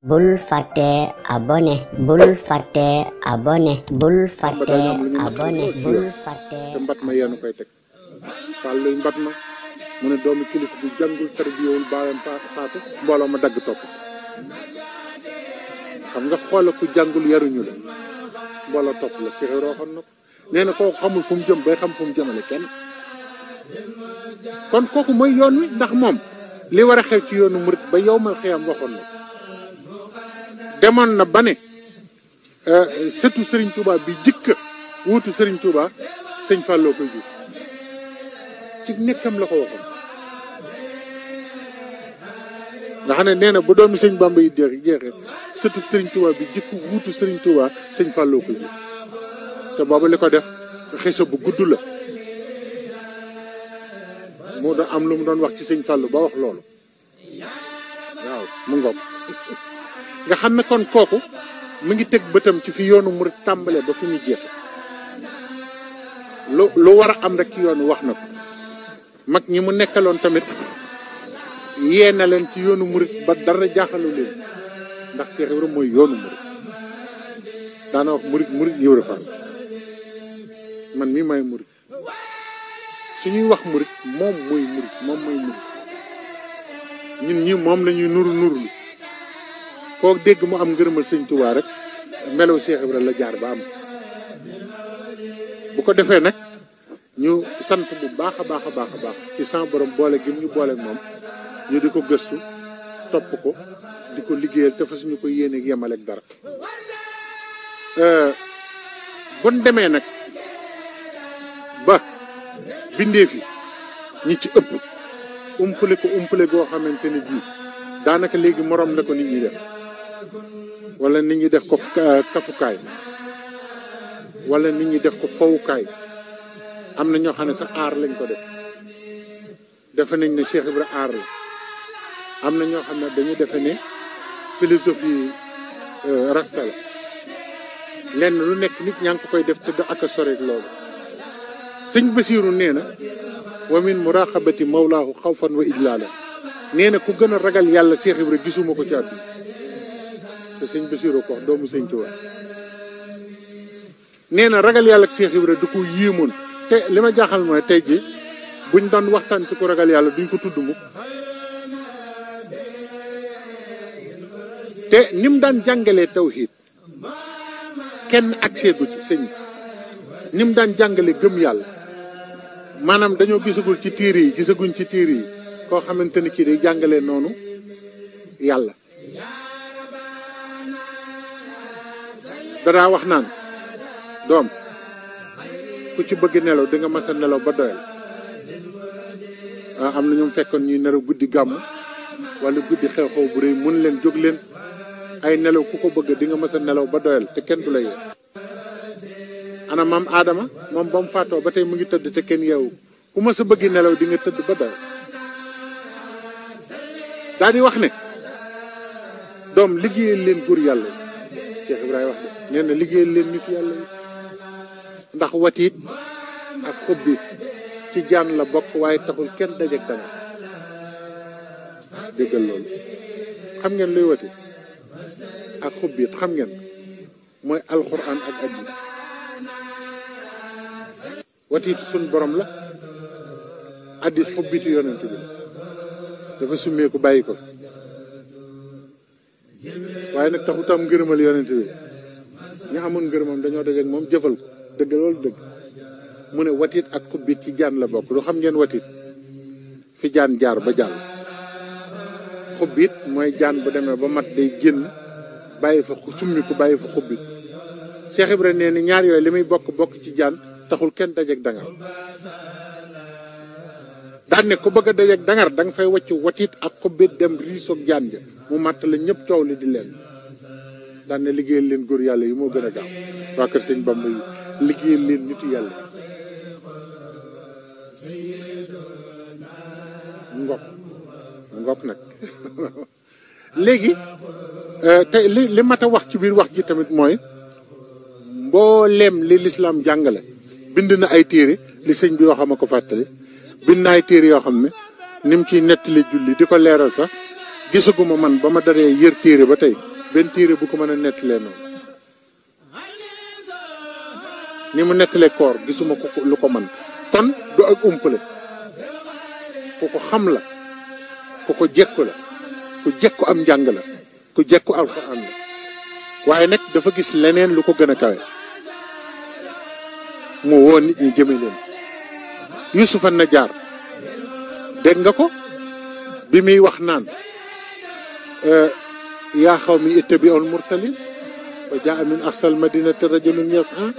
bul fàtte abonné bul fàtte abonné bul bul fàtte te mbat ma yeenu koy teg wàl luy mbat ma mu ne doomu kilifa bu jàngul tarbiyewul baalam faatu mbooloo ma dagg topp xam nga xoola ku jàngul yaruñu la mbooloo topp la sixiroo xam na ko nee na kooku xamul fu mu jëm kon kooku mooy yoon wi ndax moom li war a xew ci yoonu murit ba yow ma xëyam waxoon na demoon na ba ne euh, sëtu Serigne Touba bi jëkk wuutu sëriñ Touba sëñ Fallou koy jur ci nekkam la ko waxoon nga xam ne nee na bu doomi sëñ Bamba yi jeex jeexee sëtu Serigne Touba bi jëkk wuutu Serigne Touba sëñ Fallou koy jur te boobu li ko def xisa bu gudd la moo doon am lu mu doon wax ci sëñ Fallou ba wax loolu waaw mu ngoog nga xam ne kon kooku mu ngi teg bëtam ci fi yoonu murit tàmbalee ba fi mu jeex lu lu war a am rek ci yoonu wax na ko mag ñi mu nekkaloon tamit yee na leen ci yoonu murit ba dara jaaxalu leen ndax Cheikh Ibrahima mooy yoonu murit daana wax murit murit yëwra man mii may murit su ñuy wax murit moom mooy murit moom ñi moom lañuy nuru nuru nuru koo dégg mu am ngërëmal sëñ Tuubaa rek melaw Cheikh Ibra la jaar ba am bu ko defee nag ñu sant bu baax a baax a baax a baax ci sant borom boole gi ñu boole moom ñu di ko gëstu topp ko di ko liggéeyal te fas ñu ko yéene yemal ak dara euh, bon demee nag ba bindee fi ñi ci ëpp umpale ko umpale goo xamante ne bii daanaka léegi morom la ko nit ñi def wala nit ñi def ko euh, kafukaay walla nit ñi def ko fowukaay am na ñoo xam ne sa aar lañ ko def defe nañ ne Cheikh aar la am na ñoo xam ne dañu defe ne philosophie euh, rasta la lenn lu nekk nit ñaa koy def tëdd ak a loolu sëñ Basiiru nee na wa min muraqabati mawlaahu xawfan wa ijlaala nee na ku gën a ragal yàlla Cheikh Ibra gisuma ko ci àdduna te sëñ Bassirou ko doomu sëñ Tuubaa nee na ragal yàlla ak Cheikh Ibra du ko yéemoon te li ma jaaxal mooy tey ji buñ daan waxtaan ci ko ragal yàlla duñ ko tudd mu te ni mu daan jàngalee tawxiid kenn accès gu ci sëñ ni mu daan jàngale gëm yàlla maanaam dañoo ci tiir gisaguñ ci day danaa wax naan doom ku ci bëgg nelaw dinga nga nelaw ba doyal ah, am na ñoom fekkoon ñuy nelaw guddi gàmm wala guddi xew-xew bu rëy mun leen jóg leen ay nelaw ku ko bëgg di nga mas nelaw ba doyal te kenn du la yee ana aadama moom ba fàttoo ba tey mu ngi tëdd te kenn yeewu ku mas a bëgg nelaw di nga tëdd ba doyal daal di wax ne doom liggéeyal leen góor yàlla Cheikh nee liggéey leen nit yàlla yi ndax watiit ak xob ci jaan la bokk waaye taxul kenn dajeg dana déggal loolu xam ngeen luy wati ak xub biit xam ngeen mooy alxuraan ak addi watiit sun borom la addi xub biitu yonent bi dafa summeeku bàyyi ko waaye nag taxutam ngërëmal yonent bi ñi xamoon ngërëmam dañoo dajeeg moom jëfal ko dëgg loolu dëgg mu ne watit ak kubbit ci jaan la bokk lu xam ngeen watit fi jaan jaar ba jàll xubbit mooy jaan bu demee ba mat day génn bàyyi fa summi ko bàyyi fa xubbit Cheikh Ibra nee ni ñaar yooyu li muy bokk bokk ci jaan taxul kenn dangar daan ne ku bëgg a dajeeg fay waccu watit ak xubbit dem riisoog jaan ja mu màtt la ñëpp coow li di leen daan ne liggéeyal leen góor yàlla yi moo gën a gaaw waa kër sëñ Bamba yi liggéeyal leen nitu yàlla ngop ngop nag léegi euh, te li li mat a wax ci biir wax ji tamit mooy mbooleem li lislaam jàngale bind na ay téere li sëñ bi yoo xam a ko fàttali bind na ay téere yoo xam ne ni mu ciy nettali julli di ko leeral sax gisaguma man ba ma daree yër téere ba tey benn téere bu ko mën a nettalee noonu ni mu nettalee koor gisuma ku ko lu ko mën kon du ak umpale ku ko xam la ku ko jekku la ko jekku am njàng la ku jekku alxuraan la waaye nag dafa gis leneen lu ko gën a kawe mu woo nit ñi jëme leen yusufa na jaar dégg nga ko bi muy wax naan euh, يا خوم يتبعوا المرسلين وجاء من اقصى المدينه رجل يسعى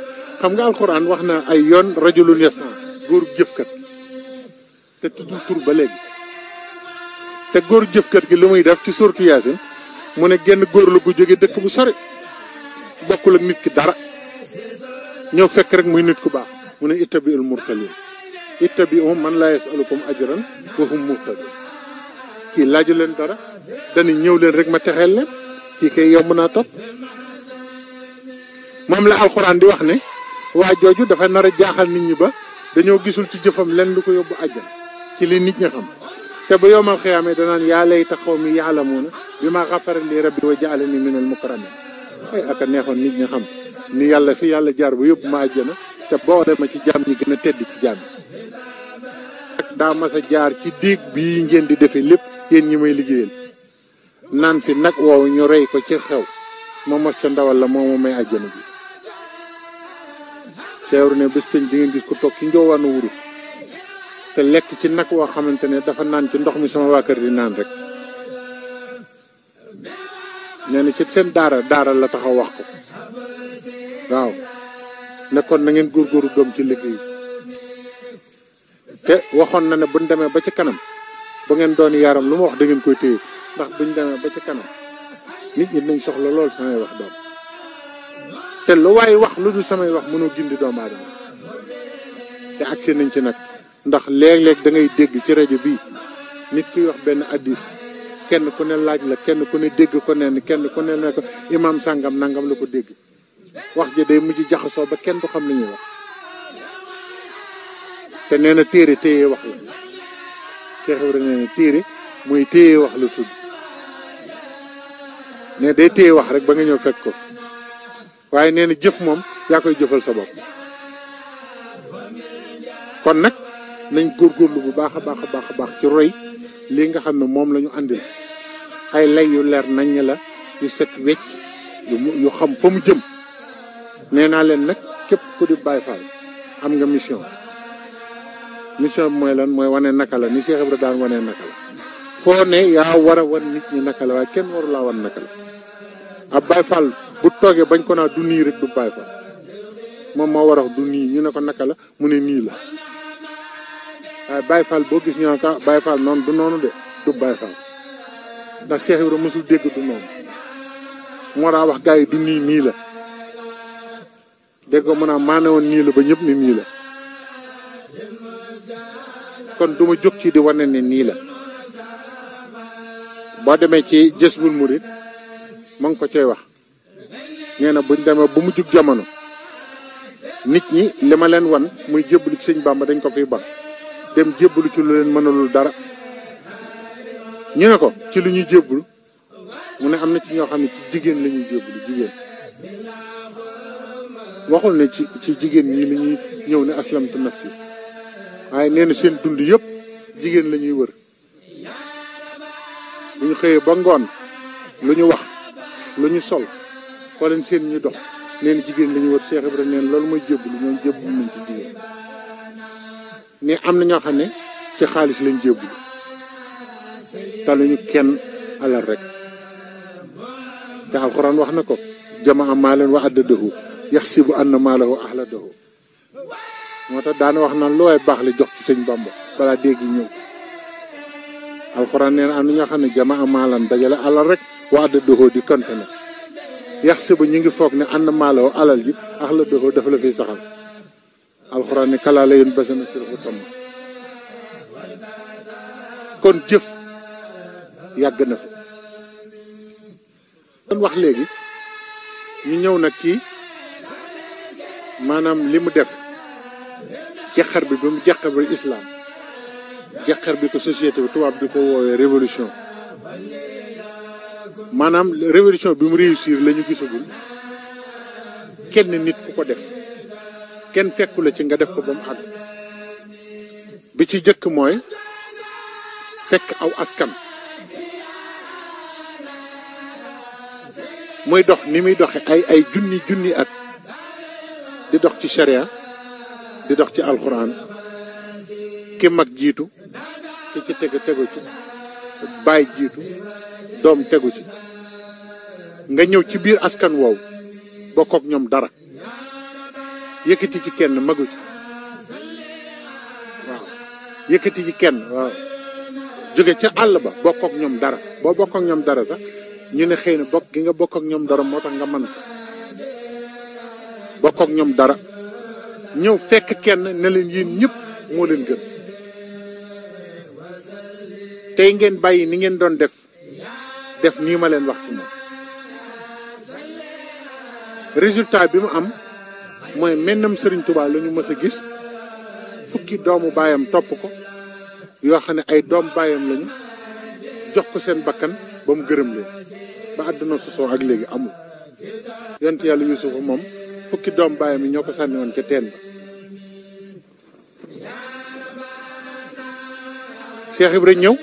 خم قال القران وحنا ايون رجل يسعى غور جفكت تتدو تور بلغ تغور جفكت كي لومي داف في سوره ياسين مون ген غور لو جوغي دك بو سوري بوكول نيت كي دارا ньо فك رك موي نيت كو با مون يتبعوا المرسلين يتبعوا من لا يسالكم اجرا وهم مهتدون kii laaju leen dara dañu ñëw leen rek ma texeel leen kii kay yomb naa topp moom la alxuraan di wax ne waa jooju dafa nar a jaaxal nit ñi ba dañoo gisul ci jëfam leen lu ko yóbbu àjjana ci li nit ñi xam te ba yowmal xiyaamee danaan yaa lay taxaw mi yaalamuuna bi ma xafara li rabbi wa jaalani minal mukarramin ay aka neexoon nit ñi xam ni yàlla fi yàlla jaar bu yóbbu ma àjjana te boole ma ci jaam ñi gën a tedd ci jaam yi daa mas a jaar ci déeg bii ngeen di defee lépp yéen ñi may liggéeyal naan fi nag woow ñu rey ko ci xew ma mos ca ndawal la moo ma may àjjana bi teewru ne bés tëñ di ngeen gis ko toog ci njoowaanu wuru te lekk ci nag woo xamante ne dafa naan ci ndox mi sama waa kër di naan rek nee na ci seen daara daaral la taxaw wax ko waaw nekkoon kon na ngeen góorgóoru doom ci liggéey te waxoon na ne buñ demee ba ci kanam ba ngeen doon yaram lu ma wax da ngeen koy téye ndax buñ demee ba ci kanam nit ñi dinañ soxla lool samay wax doom te lu waaye wax lu dul samay wax mënoo gindi doomu aadama te agsi nañ ci nag ndax léeg-léeg dangay dégg ci rajo bi nit kuy wax benn addis kenn ku ne laaj la kenn ku ne dégg ko ne kenn ku ne nekk ko sàngam nangam la ko dégg wax ji day mujj jaxasoo ba kenn du xam nañu ñuy wax te nee na téere téye wax la Cheikh Ibrahima ne téere mooy téye wax lu tudd ne day téye wax rek ba nga ñëw fekk ko waaye nee na jëf moom yaa koy jëfal sa bopp kon nag nañ góorgóorlu bu baax a baax a baax a baax ci roy lii nga xam ne moom lañu ñu ay lay yu leer nañ la yu set wecc yu xam fa mu jëm nee naa leen nag képp ku di Baay am nga mission mission bi mooy lan mooy wane naka la ni Cheikh Ibra daan wane naka la foo ne yaa war a wan nit ñi naka la waaye kenn waru laa wan naka la ab Baye Fall bu toogee bañ ko naa du nii rek du Baye Fall moom moo war a wax du nii ñu ko naka la mu ne nii la gis ñu naan ka Baye Fall dégg du noonu moo wax gars yi du nii naa maa ne woon nii la ba ñëpp ni nii la kon du ma jóg ci di wane ni nii la boo demee ci Jazbul Murid ma ngi ko cay wax nee na buñ demee bu mu jug jamono nit ñi li ma leen wan muy jébbalu ci sëñ ba dañ ko fiy ba dem jébbalu ci lu leen mënalul dara ñu ne ko ci lu ñuy jébbalu mu ne xam na ci ñoo xam ne ci jigéen la ñuy jébbalu jigéen waxul ne ci ci jigéen ñi li ñuy ñëw ne aslamtu nafsi waaye nee na seen dund yëpp jigéen la ñuy wër bu ñu xëyee ba ngoon lu ñu wax lu ñu sol koo seen ñu dox nee jigéen la ñuy wër Cheikh Ibrahima nee loolu mooy jébbalu ñoom jébbalu nañ ci jigéen mais am na ñoo xam ne ci xaalis lañ jébbalu ñu kenn alal rek te alxuraan wax na ko jama am maa leen wa addadahu yaxsibu anna maalahu ahladahu moo tax daana wax naan lu waay baax li jox ci sëñ Bamba balaa dégg ñëw alxuraan nee na am na ñoo xam ne jama amaalan dajale alal rek waa de doxoo di kante na yax ñu ngi foog ne ànd maaloo alal ji ax la doxoo dafa la fiy saxal alxuraan ne kalaa la yoon basana kon jëf yàgg na fi doon wax léegi ñu ñëw nag ci maanaam li mu def jaqar bi ba mu jaqar bi islam jaqar bi ko société bi tubaab bi ko woowee révolution maanaam révolution bi mu réussir lañu gisagul kenn nit ku ko def kenn fekku la ci nga def ko ba mu àgg bi ci jëkk mooy fekk aw askan muy dox ni muy doxe ay ay junni junni at di dox ci sharia di dox ci alxuraan ki mag jiitu ki ci tegu tegu ci baay jiitu doom tegu ci nga ñëw ci biir askan woow bokkook ñoom dara yëkkati ci kenn magu ci waaw ci kenn jóge ca àll ba bokkook ñoom dara boo bokkook ñoom dara sax ñu ne xëy na bokk gi nga bokkook ñoom dara moo tax nga mën ko bokkook ñoom dara ñëw fekk kenn ne leen yéen ñëpp moo leen gën tey ngeen bàyyi ni ngeen doon def def nii ma leen wax ci moom bi mu am mooy mennam Serigne Touba la ñu mës a gis fukki doomu baayam topp ko yoo xam ne ay doomu baayam lañu jox ko seen bakkan ba mu gërëm leen ba àdduna sosoo ak léegi amul yonent yàlla ko moom fukki doom baayam yi ñoo ko sànni woon ca teen ba Cheikh Ibra ñëw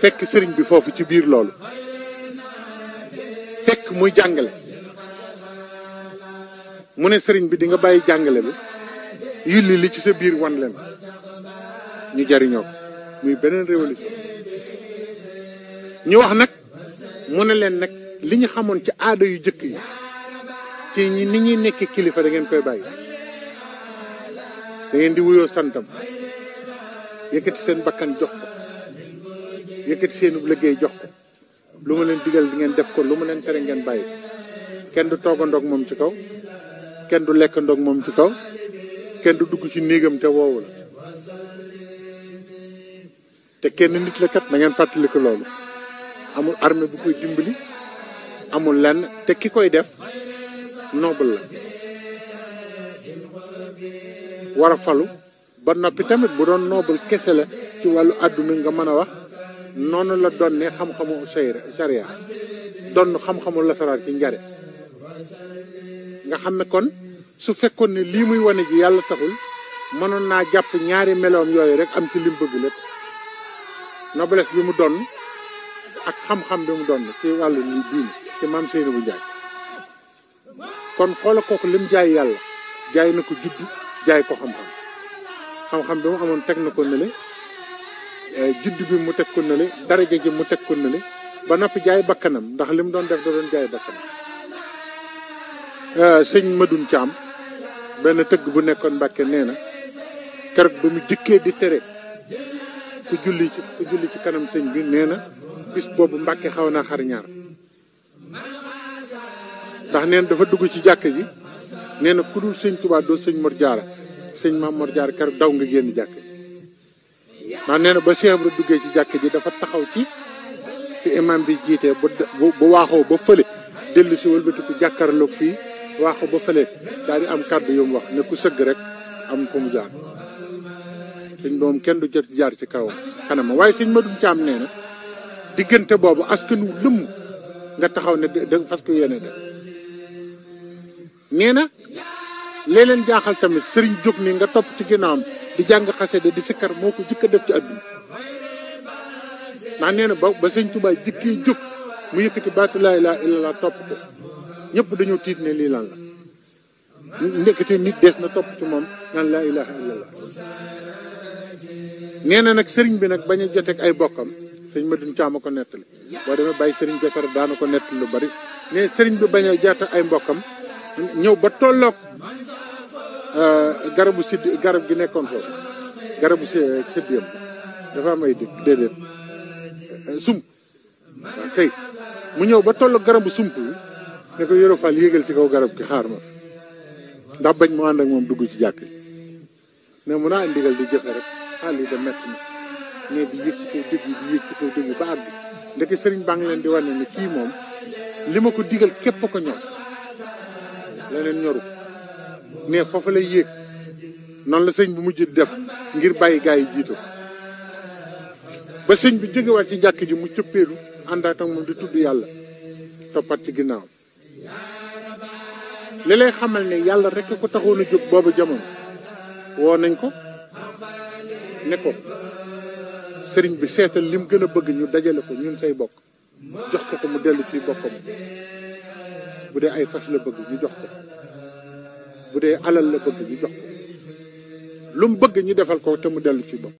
fekk sëriñ bi foofu ci biir loolu fekk muy jàngale mu ne sëriñ bi di nga bàyyi jàngale bi yulli li ci sa biir wan leen ñu jariñoo ko muy beneen révolution ñu wax nag mu ne leen nag li ñu xamoon ci aada yu jëkk yi ci ñi ni ñuy nekk kilifa da ngeen koy bàyyi da ngeen di santam yëkkati seen bakkan jox ko yëkkati seenub liggéey jox ko lu ma leen digal di ngeen def ko lu ma leen tere ngeen bàyyi kenn du toogandoog moom ci kaw kenn du lekkandoog moom ci kaw kenn du dugg ci néegam te woowu la te kenn nit la kat na ngeen loolu amul armée bu koy dimbali amul lenn te ki koy def noble la war a falu ba noppi tamit bu doon noble kese la ci wàllu àdduna nga mën a wax noonu la doon ne xam-xamu sharia doon xam-xamu lasaraar ci njare nga xam ne kon su fekkoon ne lii muy wane ji yàlla taxul mënoon naa jàpp ñaari meloom yooyu rek am ci lim bëgg lépp bi mu doon ak xam-xam bi mu doon ci wàllu diine ci maam Seydou bu Njaay kon xoola kook lim jaay yàlla jaay na ko judd jaay ko xam-xam xam bi mu amoon teg na ko nële eh, judd bi mu teg ko nële daraja ji mu teg ko nële ba noppi jaay bakkanam ndax li mu doon def da doon jaay bakkanam eh, sëñ Madoun Thiam benn tëgg bu nekkoon Mbàkke nee na keroog ba mu jëkkee di tere ku julli ci ku ci kanam sëñ bi nee bis boobu Mbàkke xaw naa xar ndax neen dafa dugg ci jàkk ji nee na ku dul sëñ Tuubaa doo sëñ Mor Jaara sëñ ma Mor jaar kar daw nga génn jàkk ji ndax nee ba Cheikh Ibra jàkk ji dafa taxaw ci fi imam bi jiitee ba waaxoo ba fële dellu si wëlbatiku jàkkaarloog fii waaxoo ba fële daal di am kàddu yu mu wax ne ku sëgg rek am ko mu jaar sëñ moom kenn du jot jaar ci kawam xanama waaye sëñ Madou Thiam nee na diggante boobu askan wu lëmm nga taxaw ne da fas ko yéene def nee na lee tamit sëriñ jóg mi nga topp ci ginnaawam di jàng xasida di sikkar moo ko jëkk def ci àdduna ndax nee ba ba sëñ Tuubaa jikkee jóg mu yëkkati baatu laa ilaaha illallaah topp dañoo tiit ne lii lan la na topp ci moom naan laa ilaaha nag sëriñ bi nag bañ a joteeg ay bokkam sëñ Madun Caam a ko nettali boo demee bàyyi sëriñ jotara daana ko nettali lu bari mais sëriñ bi bañ a jota ay mbokkam ñëw ba tolloog euh, garabu sidd garab gi nekkoon foofu garabu siddiyam dafa am ay dëkk déedéet euh, sump waaw mu ñëw ba tolloog garabu sump bi ne ko Yoro Fall yéegal ci kaw garab gi xaar ma ndax bañ mu ànd ak moom dugg ci jàkk ne mun a ndigal di jëfe rek xaal yi da mett ne di yëg ci di yëg ci kaw ba àgg ndeke sëriñ baa ngi leen di wane ne kii moom li ma ko digal képp ko ñor leneen ñoru ne foofa lay yéeg noonu la sëñ bi mujj def ngir bàyyi gaa yi jiitu ba sëñ bi jógewaat ci jàkk ji mu cëppeelu àndaat moom di tudd yàlla toppat ci ginnaaw li lay xamal ne yàlla rekk ko taxoon jóg boobu jamono woo nañ ko ne ko sëriñ bi seetal lim gën a bëgg ñu dajale ko ñun say bokk jox ko ko mu dellu ci boppam bu dee ay sas la bëgg ñu jox ko bu dee alal la bëgg ñu jox ko lu mu bëgg ñu defal ko te mu dellu ci bopp